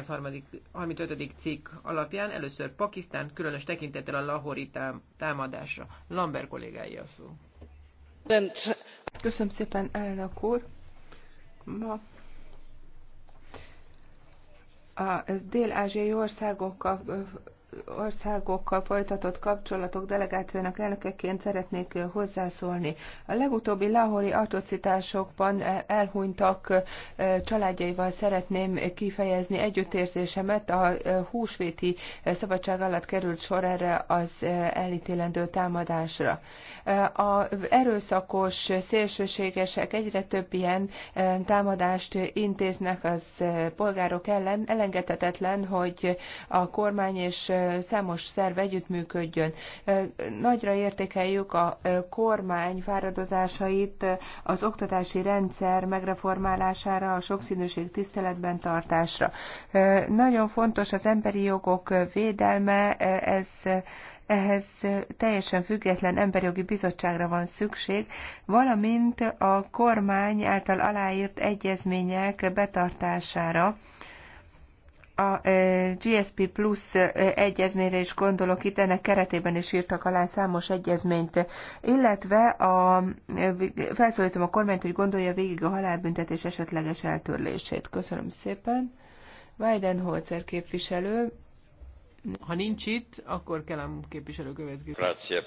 135. cikk alapján először Pakisztán, különös tekintettel a lahori támadásra. Lambert kollégái a szó. Köszönöm szépen, elnök úr. Ma a dél-ázsiai a országokkal folytatott kapcsolatok delegációjának elnökeként szeretnék hozzászólni. A legutóbbi lahori atrocitásokban elhunytak családjaival szeretném kifejezni együttérzésemet. A húsvéti szabadság alatt került sor erre az elítélendő támadásra. A erőszakos szélsőségesek egyre több ilyen támadást intéznek az polgárok ellen. Elengedhetetlen, hogy a kormány és számos szerv együttműködjön. Nagyra értékeljük a kormány fáradozásait az oktatási rendszer megreformálására, a sokszínűség tiszteletben tartásra. Nagyon fontos az emberi jogok védelme, ez ehhez teljesen független emberjogi bizottságra van szükség, valamint a kormány által aláírt egyezmények betartására a GSP plusz egyezményre is gondolok, itt ennek keretében is írtak alá számos egyezményt, illetve a, felszólítom a kormányt, hogy gondolja végig a halálbüntetés esetleges eltörlését. Köszönöm szépen. Weidenholzer képviselő. Ha nincs itt, akkor kellem képviselő következő.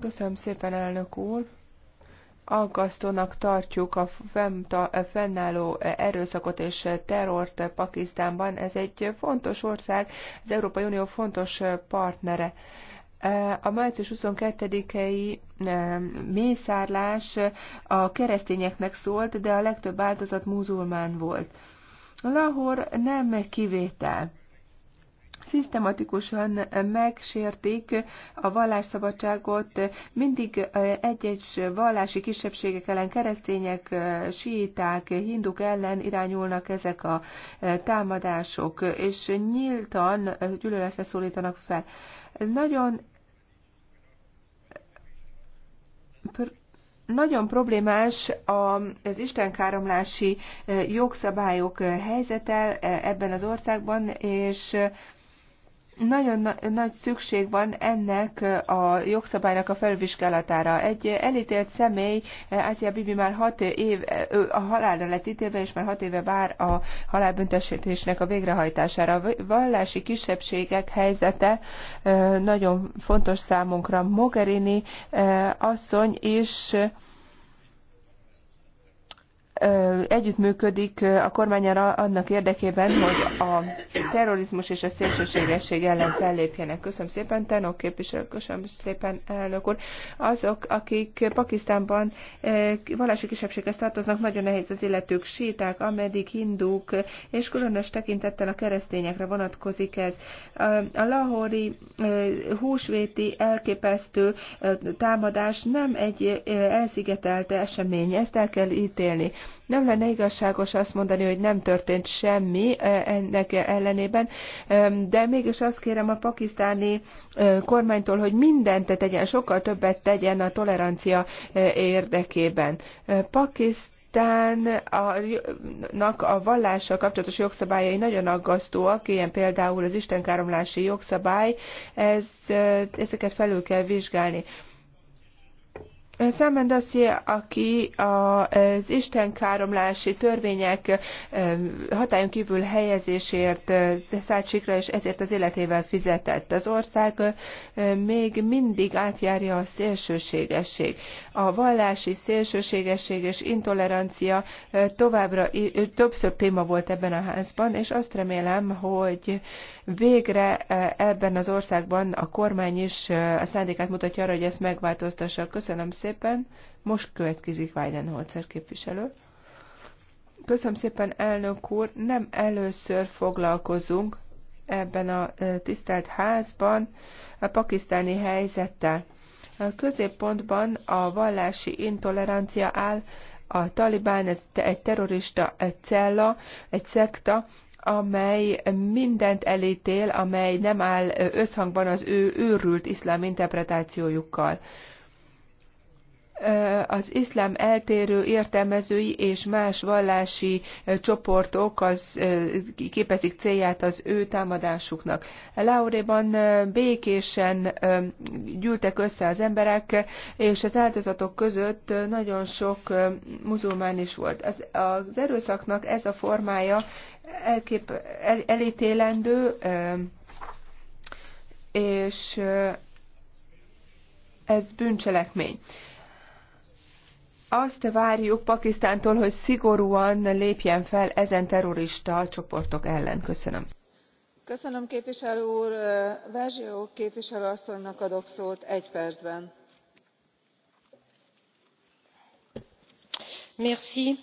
Köszönöm szépen, elnök úr aggasztónak tartjuk a fennálló erőszakot és terrort Pakisztánban. Ez egy fontos ország, az Európai Unió fontos partnere. A március 22-i e, mészárlás a keresztényeknek szólt, de a legtöbb áldozat muzulmán volt. Lahor nem kivétel szisztematikusan megsértik a vallásszabadságot, mindig egy-egy vallási kisebbségek ellen, keresztények, síiták, hinduk ellen irányulnak ezek a támadások, és nyíltan gyűlöletre szólítanak fel. Nagyon nagyon problémás az istenkáromlási jogszabályok helyzete ebben az országban, és nagyon na- nagy szükség van ennek eh, a jogszabálynak a felvizsgálatára. Egy eh, elítélt személy, eh, Ázsia Bibi már hat év, a halálra lett ítélve, és már hat éve vár a halálbüntetésnek a végrehajtására. A vallási kisebbségek helyzete nagyon fontos számunkra. Mogherini asszony is együttműködik a kormányára annak érdekében, hogy a terrorizmus és a szélsőségesség ellen fellépjenek. Köszönöm szépen, Tenok képviselő, köszönöm szépen, elnök úr. Azok, akik Pakisztánban vallási kisebbséghez tartoznak, nagyon nehéz az életük. Síták, amedik, hindúk, és különös tekintettel a keresztényekre vonatkozik ez. A lahori húsvéti elképesztő támadás nem egy elszigetelt esemény, ezt el kell ítélni. Nem lenne igazságos azt mondani, hogy nem történt semmi e, ennek ellenében, de mégis azt kérem a pakisztáni kormánytól, hogy mindent tegyen, sokkal többet tegyen a tolerancia e, érdekében. Pakisztán a, a vallással kapcsolatos jogszabályai nagyon aggasztóak, ilyen például az istenkáromlási jogszabály, ez, ezeket felül kell vizsgálni. Sam Mendessia, aki az káromlási törvények hatályon kívül helyezésért szállt sikra, és ezért az életével fizetett. Az ország még mindig átjárja a szélsőségesség. A vallási szélsőségesség és intolerancia továbbra többször téma volt ebben a házban, és azt remélem, hogy végre ebben az országban a kormány is a szándékát mutatja arra, hogy ezt megváltoztassa. Köszönöm szépen szépen. Most következik Weidenholzer képviselő. Köszönöm szépen, elnök úr. Nem először foglalkozunk ebben a e, tisztelt házban a pakisztáni helyzettel. A középpontban a vallási intolerancia áll, a talibán ez egy terrorista egy cella, egy szekta, amely mindent elítél, amely nem áll e, összhangban az ő őrült iszlám interpretációjukkal az iszlám eltérő értelmezői és más vallási csoportok az, képezik célját az ő támadásuknak. Lauréban békésen gyűltek össze az emberek, és az áldozatok között nagyon sok muzulmán is volt. Az, az erőszaknak ez a formája elkép, el, elítélendő, és ez bűncselekmény. Azt várjuk Pakisztántól, hogy szigorúan lépjen fel ezen terrorista csoportok ellen. Köszönöm. Köszönöm képviselő úr. Verzsió képviselő asszonynak adok szót egy percben. Merci.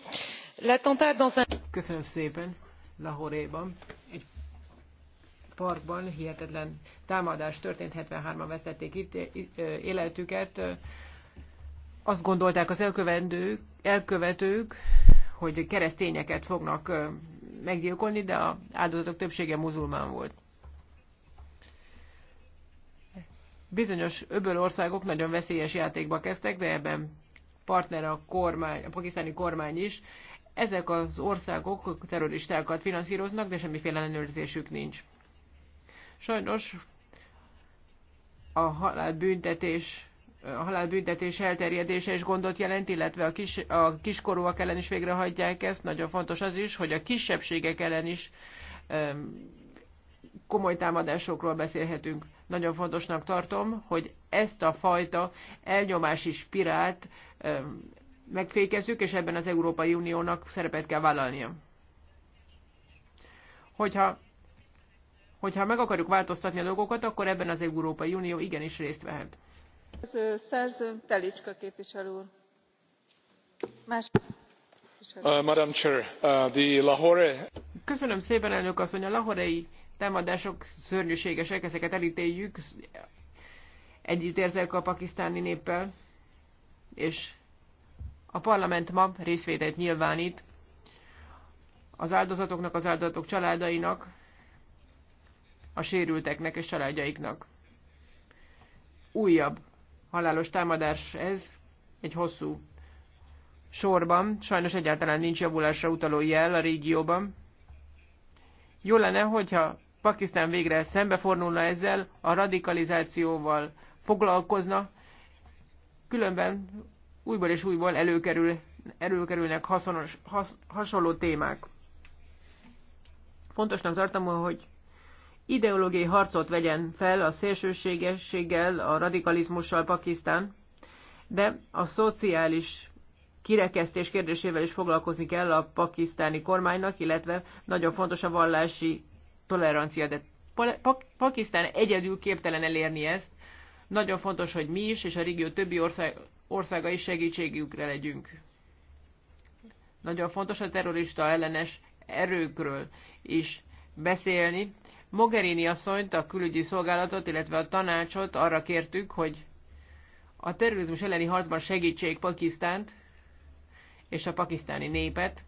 L'attentat dans un... Köszönöm szépen. Lahoréban egy parkban hihetetlen támadás történt, 73-an vesztették itt életüket azt gondolták az elkövetők, elkövetők, hogy keresztényeket fognak meggyilkolni, de az áldozatok többsége muzulmán volt. Bizonyos öböl országok nagyon veszélyes játékba kezdtek, de ebben partner a kormány, a pakisztáni kormány is. Ezek az országok terroristákat finanszíroznak, de semmiféle ellenőrzésük nincs. Sajnos a halálbüntetés a halálbüntetés elterjedése is gondot jelent, illetve a, kis, a kiskorúak ellen is végrehajtják ezt. Nagyon fontos az is, hogy a kisebbségek ellen is komoly támadásokról beszélhetünk. Nagyon fontosnak tartom, hogy ezt a fajta elnyomási spirált megfékezzük, és ebben az Európai Uniónak szerepet kell vállalnia. Hogyha, hogyha meg akarjuk változtatni a dolgokat, akkor ebben az Európai Unió igenis részt vehet. Uh, uh, Köszönöm szépen, elnök asszony! A lahorei támadások szörnyűségesek, ezeket elítéljük. Együtt érzek a pakisztáni néppel, és a parlament ma részvételt nyilvánít az áldozatoknak, az áldozatok családjainak a sérülteknek és családjaiknak. Újabb halálos támadás ez, egy hosszú sorban. Sajnos egyáltalán nincs javulásra utaló jel a régióban. Jó lenne, hogyha Pakisztán végre szembefordulna ezzel, a radikalizációval foglalkozna, különben újból és újból előkerül, előkerülnek haszonos, has, hasonló témák. Fontosnak tartom, hogy ideológiai harcot vegyen fel a szélsőségességgel, a radikalizmussal Pakisztán, de a szociális kirekesztés kérdésével is foglalkozni kell a pakisztáni kormánynak, illetve nagyon fontos a vallási tolerancia, de Pakisztán egyedül képtelen elérni ezt. Nagyon fontos, hogy mi is, és a régió többi ország, országa is segítségükre legyünk. Nagyon fontos a terrorista ellenes erőkről is beszélni, Mogherini asszonyt, a külügyi szolgálatot, illetve a tanácsot arra kértük, hogy a terrorizmus elleni harcban segítsék Pakisztánt és a pakisztáni népet,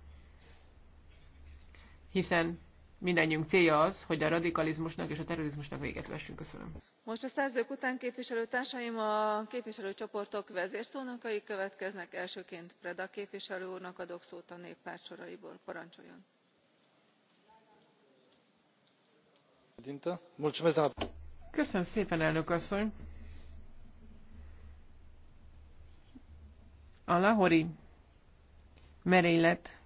hiszen mindannyiunk célja az, hogy a radikalizmusnak és a terrorizmusnak véget vessünk. Köszönöm. Most a szerzők után képviselőtársaim a képviselőcsoportok vezérszónokai következnek. Elsőként Preda képviselő úrnak adok szót a néppárt soraiból. Parancsoljon! Köszönöm szépen, elnök asszony! A lahori merénylet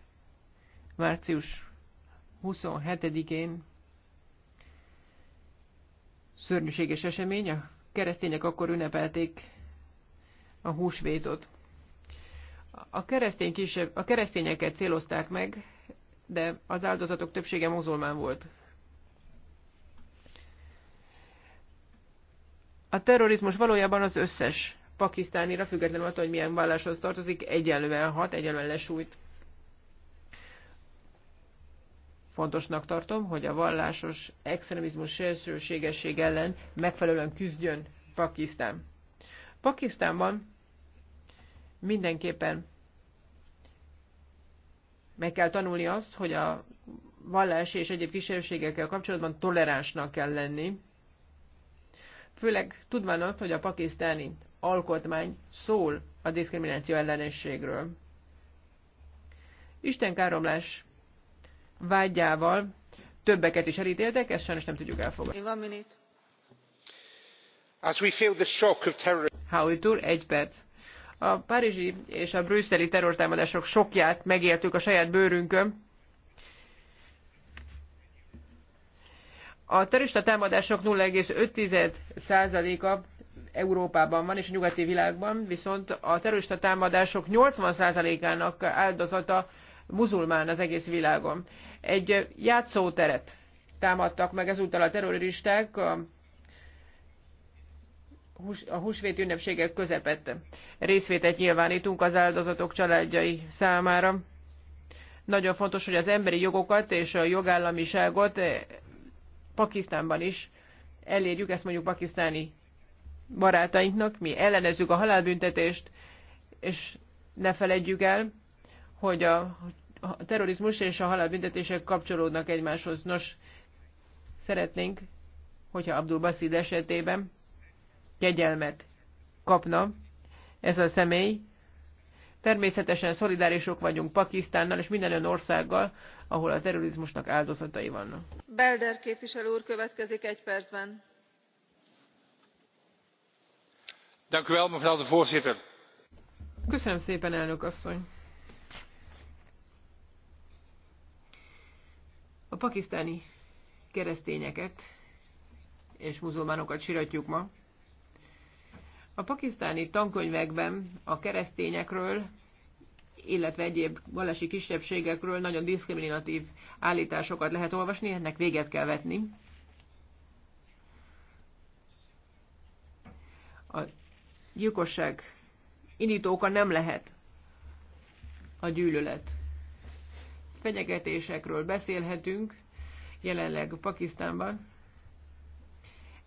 március 27-én szörnyűséges esemény. A keresztények akkor ünnepelték a húsvétot. A, keresztény kisebb, a keresztényeket célozták meg, de az áldozatok többsége mozulmán volt. A terrorizmus valójában az összes pakisztánira, függetlenül attól, hogy milyen valláshoz tartozik, egyenlően hat, egyenlően lesújt. Fontosnak tartom, hogy a vallásos extremizmus szélsőségesség ellen megfelelően küzdjön Pakisztán. Pakisztánban mindenképpen meg kell tanulni azt, hogy a vallási és egyéb kísérőségekkel kapcsolatban toleránsnak kell lenni, főleg tudván azt, hogy a pakisztáni alkotmány szól a diszkrimináció ellenességről. Isten káromlás vágyával többeket is elítéltek, ezt sajnos nem tudjuk elfogadni. Howitt Tour, egy perc. A párizsi és a brüsszeli terrortámadások sokját megéltük a saját bőrünkön, A terrorista támadások 0,5%-a Európában van és a nyugati világban, viszont a terrorista támadások 80%-ának áldozata muzulmán az egész világon. Egy játszóteret támadtak meg ezúttal a terroristák a, hús, a húsvét ünnepségek közepette. Részvétet nyilvánítunk az áldozatok családjai számára. Nagyon fontos, hogy az emberi jogokat és a jogállamiságot Pakisztánban is elérjük, ezt mondjuk pakisztáni barátainknak, mi ellenezzük a halálbüntetést, és ne feledjük el, hogy a terrorizmus és a halálbüntetések kapcsolódnak egymáshoz. Nos, szeretnénk, hogyha Abdul Basid esetében kegyelmet kapna ez a személy, Természetesen szolidárisok vagyunk Pakisztánnal és minden olyan országgal, ahol a terrorizmusnak áldozatai vannak. Belder képviselő úr következik egy percben. Köszönöm szépen, elnök asszony. A pakisztáni keresztényeket és muzulmánokat siratjuk ma. A pakisztáni tankönyvekben a keresztényekről, illetve egyéb valási kisebbségekről nagyon diszkriminatív állításokat lehet olvasni, ennek véget kell vetni. A gyilkosság indítóka nem lehet a gyűlölet. Fenyegetésekről beszélhetünk jelenleg Pakisztánban.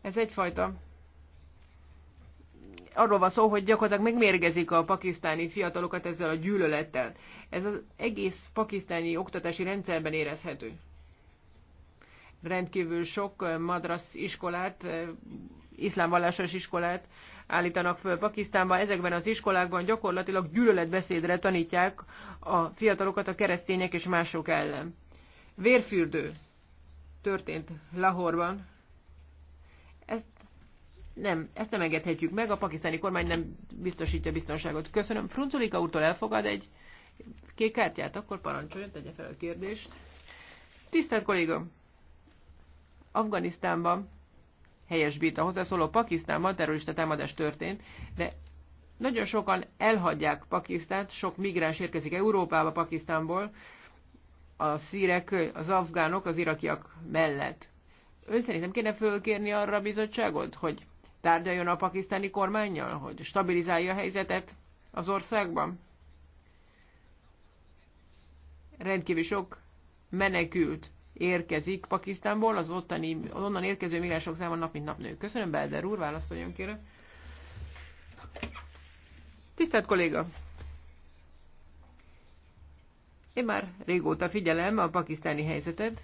Ez egyfajta arról van szó, hogy gyakorlatilag megmérgezik a pakisztáni fiatalokat ezzel a gyűlölettel. Ez az egész pakisztáni oktatási rendszerben érezhető. Rendkívül sok eh, madrasz iskolát, eh, iszlámvallásos iskolát állítanak föl Pakisztánban. Ezekben az iskolákban gyakorlatilag gyűlöletbeszédre tanítják a fiatalokat a keresztények és mások ellen. Vérfürdő történt Lahorban. Ezt nem, ezt nem engedhetjük meg, a pakisztáni kormány nem biztosítja biztonságot. Köszönöm. Frunculika úrtól elfogad egy kék kártyát, akkor parancsoljon, tegye fel a kérdést. Tisztelt kolléga! Afganisztánban helyesbít a hozzászóló Pakisztánban terrorista támadás történt, de nagyon sokan elhagyják Pakisztánt, sok migráns érkezik Európába Pakisztánból, a szírek, az afgánok, az irakiak mellett. Ön szerintem kéne fölkérni arra a bizottságot, hogy tárgyaljon a pakisztáni kormányjal, hogy stabilizálja a helyzetet az országban? Rendkívül sok menekült érkezik Pakisztánból, az ottani, az onnan érkező migránsok száma nap mint nap nő. Köszönöm, Belder úr, válaszoljon kérem. Tisztelt kolléga! Én már régóta figyelem a pakisztáni helyzetet,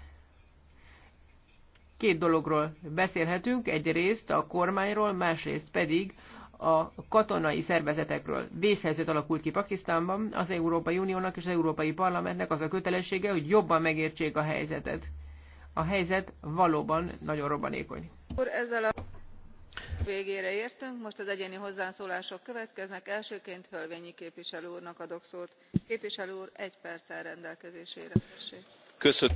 két dologról beszélhetünk, egyrészt a kormányról, másrészt pedig a katonai szervezetekről. Vészhelyzet alakult ki Pakisztánban, az Európai Uniónak és az Európai Parlamentnek az a kötelessége, hogy jobban megértsék a helyzetet. A helyzet valóban nagyon robbanékony. Ezzel a végére értünk, most az egyéni hozzászólások következnek. Elsőként Fölvényi képviselő úrnak adok szót. Képviselő úr, egy perccel rendelkezésére. Köszönöm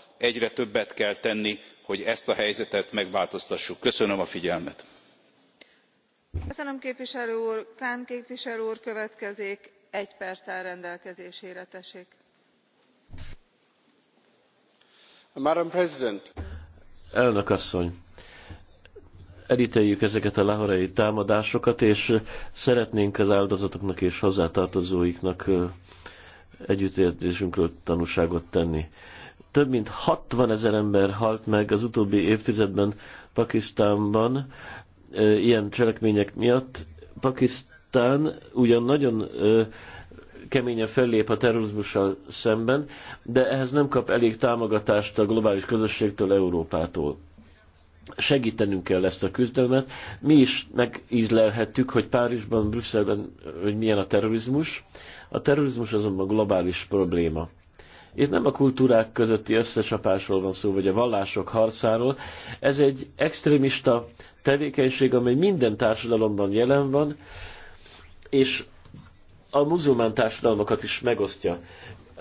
egyre többet kell tenni hogy ezt a helyzetet megváltoztassuk. köszönöm a figyelmet. köszönöm képviselő képviselő egy elnök asszony! elítéljük ezeket a lahorai támadásokat, és szeretnénk az áldozatoknak és hozzátartozóiknak együttérzésünkről tanúságot tenni több mint 60 ezer ember halt meg az utóbbi évtizedben Pakisztánban ilyen cselekmények miatt. Pakisztán ugyan nagyon keményen fellép a terrorizmussal szemben, de ehhez nem kap elég támogatást a globális közösségtől, Európától. Segítenünk kell ezt a küzdelmet. Mi is megízlelhettük, hogy Párizsban, Brüsszelben, hogy milyen a terrorizmus. A terrorizmus azonban globális probléma itt nem a kultúrák közötti összecsapásról van szó, vagy a vallások harcáról. Ez egy extrémista tevékenység, amely minden társadalomban jelen van, és a muzulmán társadalmakat is megosztja.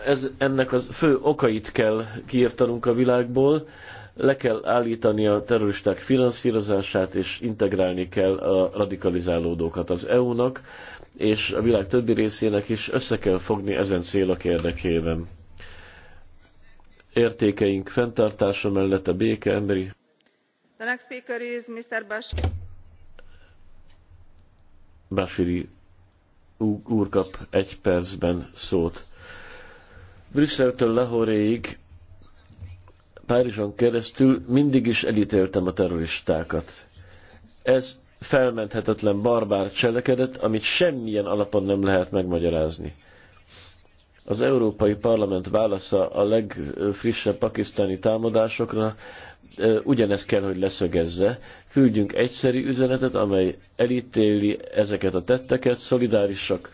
Ez, ennek az fő okait kell kiirtanunk a világból, le kell állítani a terroristák finanszírozását, és integrálni kell a radikalizálódókat az EU-nak, és a világ többi részének is össze kell fogni ezen célok érdekében értékeink fenntartása mellett a béke emberi. The next speaker is Mr. Bash. Bashiri úr kap egy percben szót. Brüsszeltől Lahoréig, Párizson keresztül mindig is elítéltem a terroristákat. Ez felmenthetetlen barbár cselekedet, amit semmilyen alapon nem lehet megmagyarázni. Az Európai Parlament válasza a legfrissebb pakisztáni támadásokra ugyanezt kell, hogy leszögezze. Küldjünk egyszerű üzenetet, amely elítéli ezeket a tetteket, szolidárisak,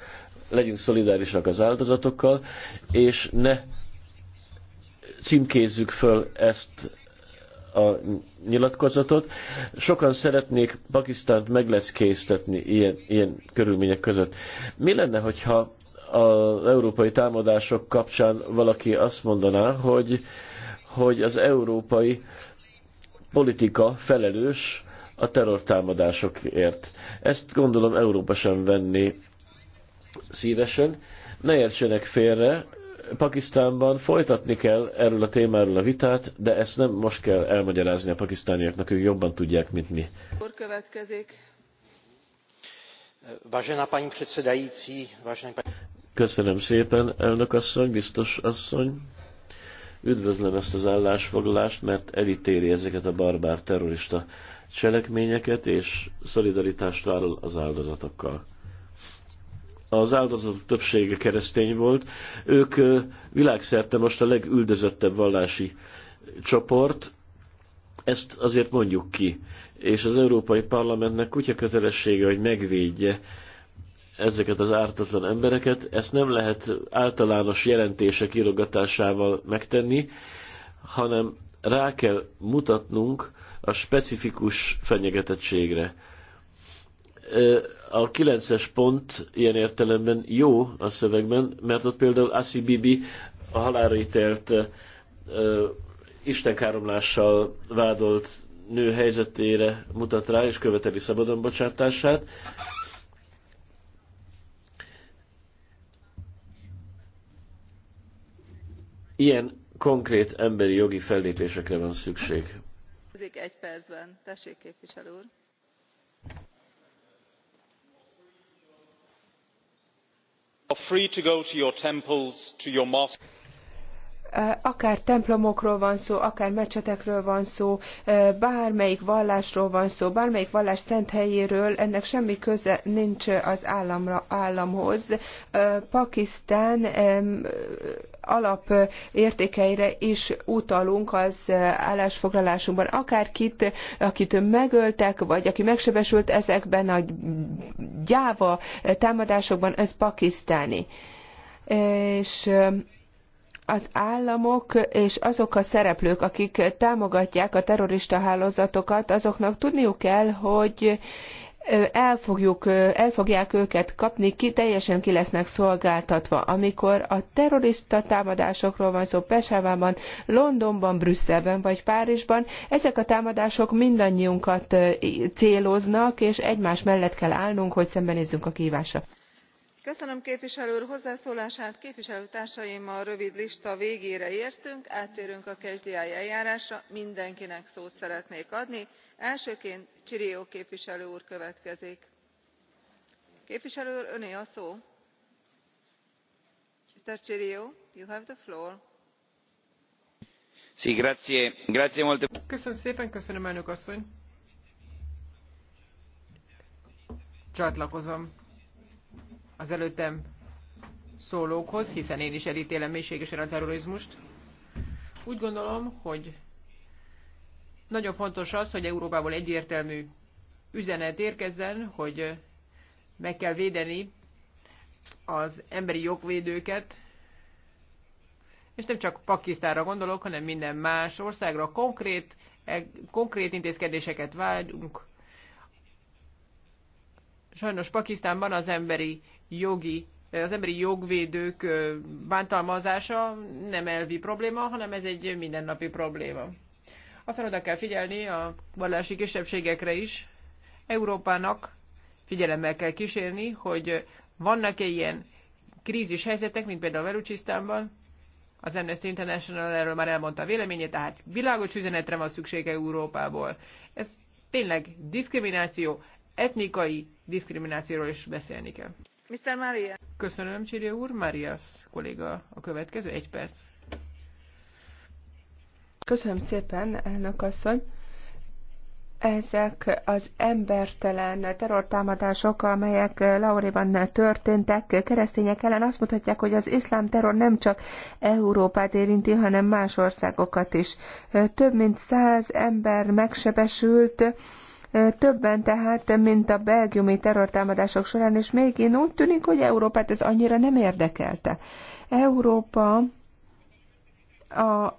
legyünk szolidárisak az áldozatokkal, és ne címkézzük föl ezt a nyilatkozatot. Sokan szeretnék Pakisztánt megleckéztetni ilyen, ilyen körülmények között. Mi lenne, hogyha az európai támadások kapcsán valaki azt mondaná, hogy, hogy az európai politika felelős a terrortámadásokért. Ezt gondolom Európa sem venni szívesen. Ne értsenek félre, Pakisztánban folytatni kell erről a témáról a vitát, de ezt nem most kell elmagyarázni a pakisztániaknak, ők jobban tudják, mint mi. Akkor következik. Vážená paní předsedající, vážená paní... Köszönöm szépen, elnök asszony, biztos asszony. Üdvözlöm ezt az állásfoglalást, mert elítéli ezeket a barbár terrorista cselekményeket, és szolidaritást vállal az áldozatokkal. Az áldozatok többsége keresztény volt. Ők világszerte most a legüldözöttebb vallási csoport. Ezt azért mondjuk ki. És az Európai Parlamentnek kutya kötelessége, hogy megvédje ezeket az ártatlan embereket. Ezt nem lehet általános jelentések írogatásával megtenni, hanem rá kell mutatnunk a specifikus fenyegetettségre. A kilences pont ilyen értelemben jó a szövegben, mert ott például Asi Bibi a halálra ítélt istenkáromlással vádolt nő helyzetére mutat rá, és követeli szabadon bocsátását. Ilyen konkrét emberi jogi fellépésekre van szükség. Egy percben. Tessék, képviselő úr. free to go to your temples, to your akár templomokról van szó, akár mecsetekről van szó, bármelyik vallásról van szó, bármelyik vallás szent helyéről, ennek semmi köze nincs az államra, államhoz. Pakisztán alapértékeire is utalunk az állásfoglalásunkban. Akárkit, akit megöltek, vagy aki megsebesült ezekben a gyáva támadásokban, ez pakisztáni. És az államok és azok a szereplők, akik támogatják a terrorista hálózatokat, azoknak tudniuk kell, hogy el, fogjuk, el fogják őket kapni, ki teljesen ki lesznek szolgáltatva. Amikor a terrorista támadásokról van szó Pesávában, Londonban, Brüsszelben vagy Párizsban, ezek a támadások mindannyiunkat céloznak, és egymás mellett kell állnunk, hogy szembenézzünk a kívásra köszönöm képviselő úr hozzászólását képviselőtársaimmal rövid lista végére értünk áttérünk a catch the eye eljárásra mindenkinek szót szeretnék adni elsőként cirio képviselő úr következik. képviselő úr öné a szó. mr cirio you have the floor. Si grazie. Grazie molto. köszönöm szépen köszönöm elnök asszony csatlakozom az előttem szólókhoz, hiszen én is elítélem mélységesen a terrorizmust. Úgy gondolom, hogy nagyon fontos az, hogy Európából egyértelmű üzenet érkezzen, hogy meg kell védeni az emberi jogvédőket, és nem csak Pakisztánra gondolok, hanem minden más országra konkrét, e, konkrét intézkedéseket vágyunk. Sajnos Pakisztánban az emberi jogi, az emberi jogvédők bántalmazása nem elvi probléma, hanem ez egy mindennapi probléma. Aztán oda kell figyelni a vallási kisebbségekre is. Európának figyelemmel kell kísérni, hogy vannak-e ilyen krízis helyzetek, mint például Velucsisztánban, az Amnesty International erről már elmondta a véleményét, tehát világos üzenetre van szüksége Európából. Ez tényleg diszkrimináció, etnikai diszkriminációról is beszélni kell. Mr. Maria. Köszönöm, Csirje úr. Marias kolléga a következő. Egy perc. Köszönöm szépen, elnök asszony. Ezek az embertelen terrortámadások, amelyek Lauréban történtek keresztények ellen, azt mutatják, hogy az iszlám terror nem csak Európát érinti, hanem más országokat is. Több mint száz ember megsebesült, többen tehát, mint a belgiumi terrortámadások során, és még én úgy tűnik, hogy Európát ez annyira nem érdekelte. Európa a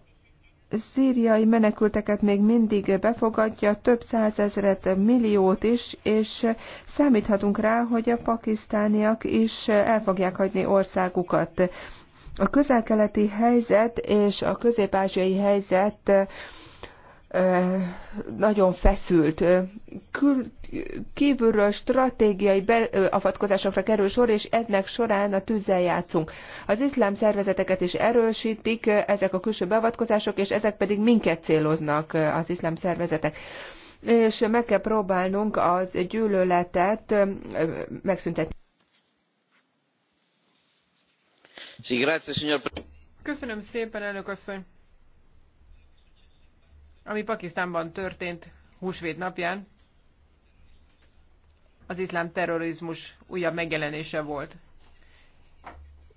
szíriai menekülteket még mindig befogadja, több százezret, milliót is, és számíthatunk rá, hogy a pakisztániak is el fogják hagyni országukat. A közelkeleti helyzet és a közép-ázsiai helyzet nagyon feszült. Kül, kívülről stratégiai beavatkozásokra kerül sor, és ennek során a tűzzel játszunk. Az iszlám szervezeteket is erősítik ezek a külső beavatkozások, és ezek pedig minket céloznak az iszlám szervezetek és meg kell próbálnunk az gyűlöletet megszüntetni. Köszönöm szépen, elnök asszony! ami Pakisztánban történt húsvét napján, az iszlám terrorizmus újabb megjelenése volt.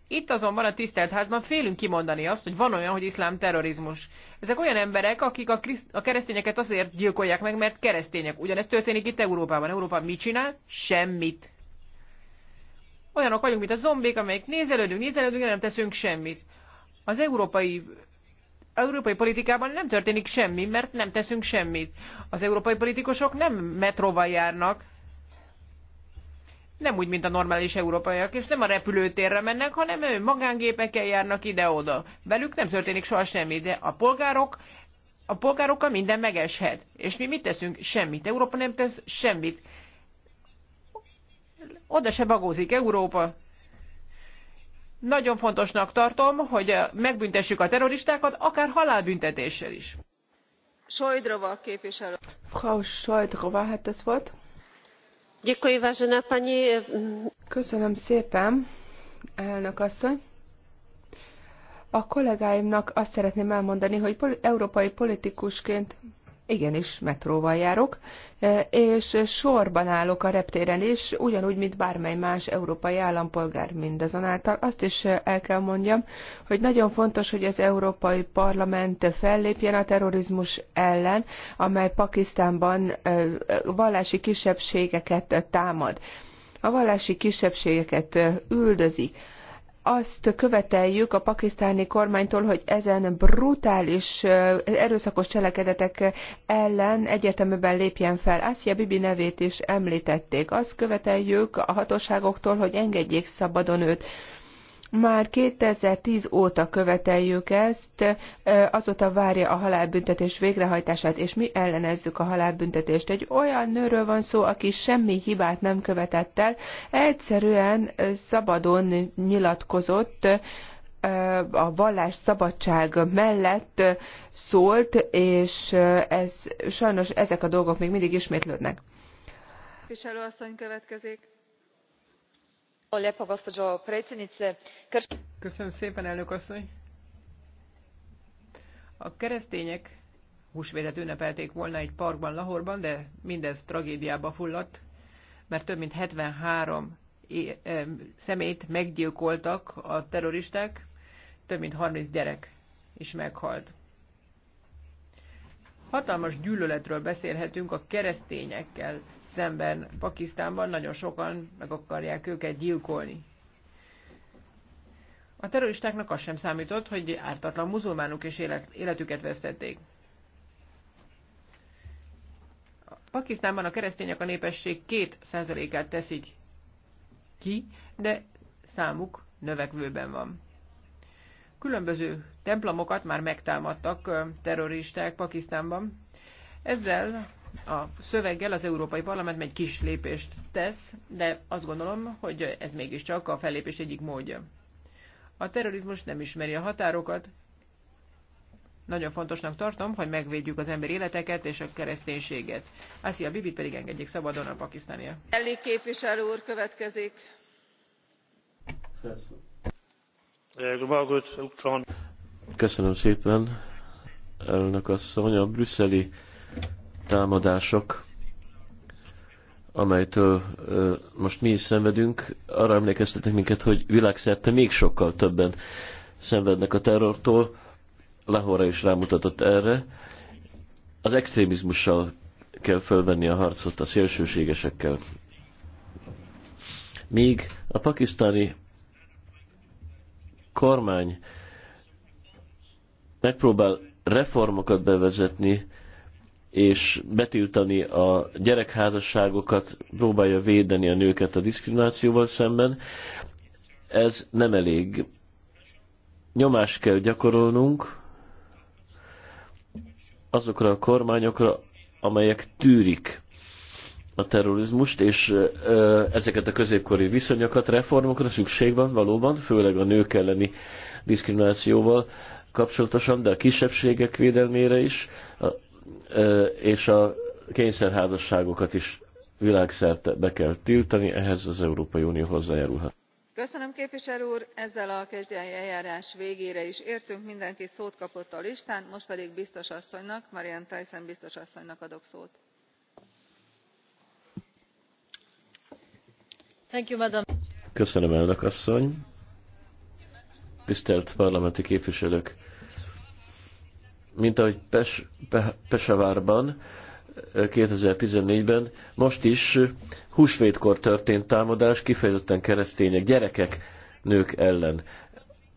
Itt azonban a tisztelt házban félünk kimondani azt, hogy van olyan, hogy iszlám terrorizmus. Ezek olyan emberek, akik a, kriszt- a keresztényeket azért gyilkolják meg, mert keresztények. Ugyanez történik itt Európában. Európa mit csinál? Semmit. Olyanok vagyunk, mint a zombék, amelyek nézelődünk, nézelődünk, de nem teszünk semmit. Az európai európai politikában nem történik semmi, mert nem teszünk semmit. Az európai politikusok nem metróval járnak, nem úgy, mint a normális európaiak, és nem a repülőtérre mennek, hanem ő magángépekkel járnak ide-oda. Velük nem történik soha semmi, de a polgárok a polgárokkal minden megeshet. És mi mit teszünk? Semmit. Európa nem tesz semmit. Oda se bagózik Európa. Nagyon fontosnak tartom, hogy megbüntessük a terroristákat, akár halálbüntetéssel is. Sojdrova képviselő. Frau Sojdrova, hát ez volt. Köszönöm szépen, elnök asszony. A kollégáimnak azt szeretném elmondani, hogy európai politikusként Igenis, metróval járok, e, és sorban állok a reptéren is, ugyanúgy, mint bármely más európai állampolgár mindazonáltal. Azt is el kell mondjam, hogy nagyon fontos, hogy az Európai Parlament fellépjen a terrorizmus ellen, amely Pakisztánban e, vallási kisebbségeket támad. A vallási kisebbségeket e, üldözik azt követeljük a pakisztáni kormánytól, hogy ezen brutális, erőszakos cselekedetek ellen egyetemben lépjen fel. Asia Bibi nevét is említették. Azt követeljük a hatóságoktól, hogy engedjék szabadon őt. Már 2010 óta követeljük ezt, azóta várja a halálbüntetés végrehajtását, és mi ellenezzük a halálbüntetést. Egy olyan nőről van szó, aki semmi hibát nem követett el, egyszerűen szabadon nyilatkozott, a vallás szabadság mellett szólt, és ez, sajnos ezek a dolgok még mindig ismétlődnek. Képviselő asszony következik gospođo predsjednice a keresztények húsvétet ünnepelték volna egy parkban lahorban de mindez tragédiába fulladt mert több mint seventy three személyt meggyilkoltak a terroristák több mint thirty gyerek is meghalt. Hatalmas gyűlöletről beszélhetünk a keresztényekkel szemben Pakisztánban nagyon sokan meg akarják őket gyilkolni. A terroristáknak az sem számított, hogy ártatlan muzulmánok és élet, életüket vesztették. Pakisztánban a keresztények a népesség 2%-át teszik ki, de számuk növekvőben van. Különböző templomokat már megtámadtak terroristák Pakisztánban. Ezzel a szöveggel az Európai Parlament egy kis lépést tesz, de azt gondolom, hogy ez mégiscsak a fellépés egyik módja. A terrorizmus nem ismeri a határokat. Nagyon fontosnak tartom, hogy megvédjük az ember életeket és a kereszténységet. Ászia Bibit pedig engedjék szabadon a pakisztánia. Elég képviselő úr következik. Köszönöm szépen, elnök asszony. A brüsszeli támadások, amelytől ö, most mi is szenvedünk, arra emlékeztetnek minket, hogy világszerte még sokkal többen szenvednek a terrortól. Lahore is rámutatott erre. Az extrémizmussal kell fölvenni a harcot, a szélsőségesekkel. Míg a pakisztáni kormány megpróbál reformokat bevezetni, és betiltani a gyerekházasságokat, próbálja védeni a nőket a diszkriminációval szemben. Ez nem elég. Nyomást kell gyakorolnunk azokra a kormányokra, amelyek tűrik a terrorizmust, és ezeket a középkori viszonyokat, reformokra szükség van valóban, főleg a nők elleni diszkriminációval kapcsolatosan, de a kisebbségek védelmére is, és a kényszerházasságokat is világszerte be kell tiltani, ehhez az Európai Unió hozzájárulhat. Köszönöm képviselő úr, ezzel a kezdjei eljárás végére is értünk, mindenki szót kapott a listán, most pedig biztos asszonynak, Marian Tyson biztos asszonynak adok szót. Thank you, madam. Köszönöm, elnök asszony. Tisztelt parlamenti képviselők! mint ahogy Pes, Pe, Pesavárban 2014-ben, eh, most is húsvétkor történt támadás, kifejezetten keresztények, gyerekek, nők ellen.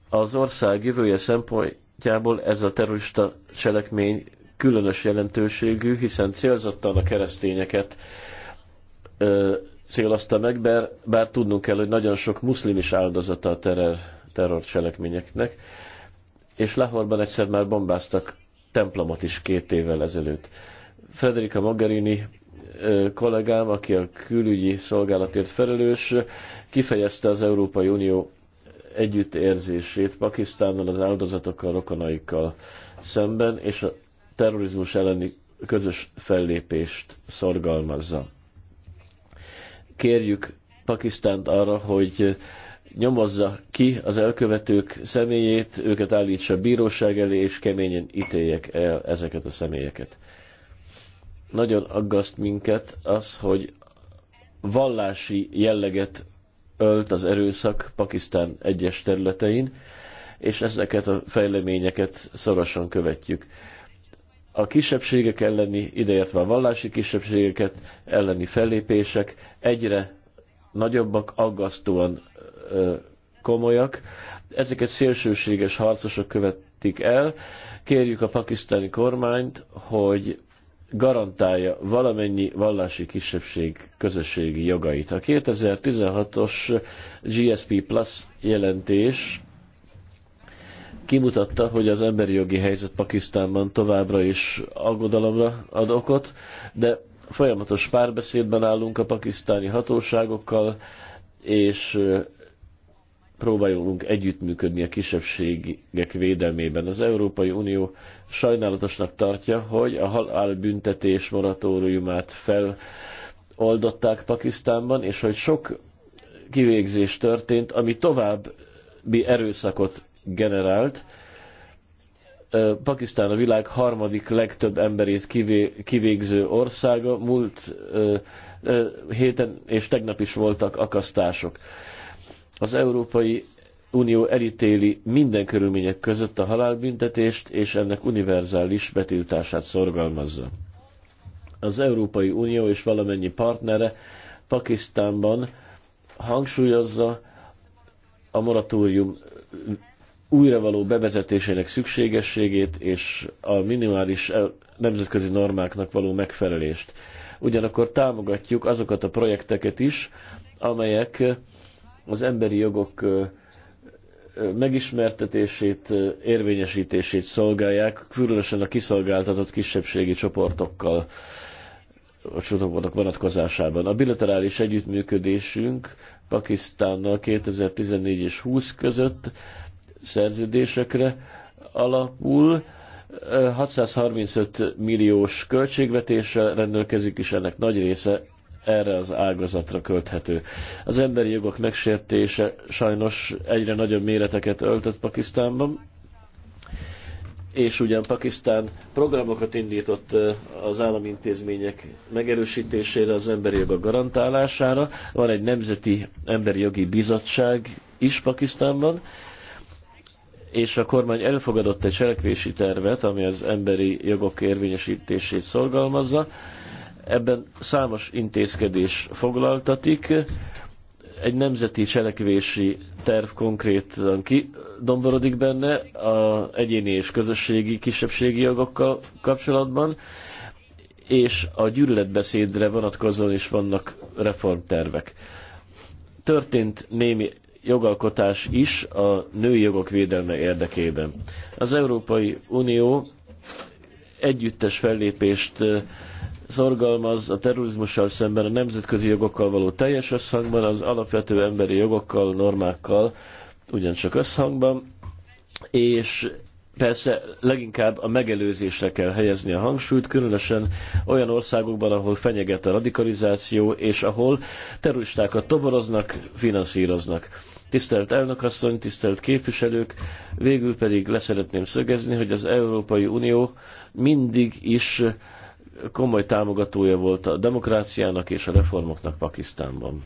Az ország jövője szempontjából ez a terrorista cselekmény különös jelentőségű, hiszen célzottan a keresztényeket ö, eh, célozta meg, bár, bár tudnunk kell, hogy nagyon sok muszlim is áldozata a terror, cselekményeknek, és Lahorban egyszer már bombáztak templomot is két évvel ezelőtt. Federica Magherini, kollégám, aki a külügyi szolgálatért felelős, kifejezte az Európai Unió együttérzését Pakisztánnal, az áldozatokkal, rokonaikkal szemben, és a terrorizmus elleni közös fellépést szorgalmazza. Kérjük Pakisztánt arra, hogy nyomozza ki az elkövetők személyét, őket állítsa a bíróság elé, és keményen ítéljek el ezeket a személyeket. Nagyon aggaszt minket az, hogy vallási jelleget ölt az erőszak Pakisztán egyes területein, és ezeket a fejleményeket szorosan követjük. A kisebbségek elleni, ideértve a vallási kisebbségeket elleni fellépések egyre nagyobbak, aggasztóan komolyak. Ezeket szélsőséges harcosok követik el. Kérjük a pakisztáni kormányt, hogy garantálja valamennyi vallási kisebbség közösségi jogait. A 2016-os GSP Plus jelentés kimutatta, hogy az emberi jogi helyzet Pakisztánban továbbra is aggodalomra ad okot, de folyamatos párbeszédben állunk a pakisztáni hatóságokkal, és próbálunk együttműködni a kisebbségek védelmében. Az Európai Unió sajnálatosnak tartja, hogy a halálbüntetés moratóriumát feloldották Pakisztánban, és hogy sok kivégzés történt, ami további erőszakot generált. Pakisztán a világ harmadik legtöbb emberét kivégző országa. Múlt héten és tegnap is voltak akasztások az Európai Unió elítéli minden körülmények között a halálbüntetést, és ennek univerzális betiltását szorgalmazza. Az Európai Unió és valamennyi partnere Pakisztánban hangsúlyozza a moratórium újravaló bevezetésének szükségességét és a minimális nemzetközi normáknak való megfelelést. Ugyanakkor támogatjuk azokat a projekteket is, amelyek az emberi jogok megismertetését, érvényesítését szolgálják, különösen a kiszolgáltatott kisebbségi csoportokkal a csoportok vonatkozásában. A bilaterális együttműködésünk Pakisztánnal 2014 és 20 között szerződésekre alapul. 635 milliós költségvetéssel rendelkezik, és ennek nagy része erre az ágazatra költhető. Az emberi jogok megsértése sajnos egyre nagyobb méreteket öltött Pakisztánban, és ugyan Pakisztán programokat indított az állami intézmények megerősítésére, az emberi jogok garantálására. Van egy Nemzeti Emberi Jogi Bizottság is Pakisztánban, és a kormány elfogadott egy cselekvési tervet, ami az emberi jogok érvényesítését szorgalmazza, Ebben számos intézkedés foglaltatik, egy nemzeti cselekvési terv konkrétan kidomborodik benne a egyéni és közösségi kisebbségi jogokkal kapcsolatban, és a gyűlöletbeszédre vonatkozóan is vannak reformtervek. Történt némi jogalkotás is a női jogok védelme érdekében. Az Európai Unió együttes fellépést szorgalmaz a terrorizmussal szemben a nemzetközi jogokkal való teljes összhangban, az alapvető emberi jogokkal, normákkal ugyancsak összhangban, és persze leginkább a megelőzésre kell helyezni a hangsúlyt, különösen olyan országokban, ahol fenyeget a radikalizáció, és ahol terroristákat toboroznak, finanszíroznak. Tisztelt elnökasszony, tisztelt képviselők, végül pedig leszeretném szögezni, hogy az Európai Unió mindig is komoly támogatója volt a demokráciának és a reformoknak Pakisztánban.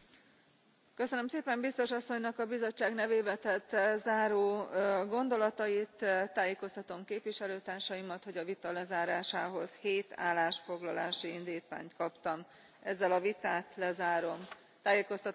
Köszönöm szépen biztos asszonynak a bizottság nevébe tett eh, záró eh, gondolatait. Eh, tájékoztatom képviselőtársaimat, hogy a vita lezárásához hét állásfoglalási indítványt kaptam. Ezzel a vitát lezárom. Tájékoztatom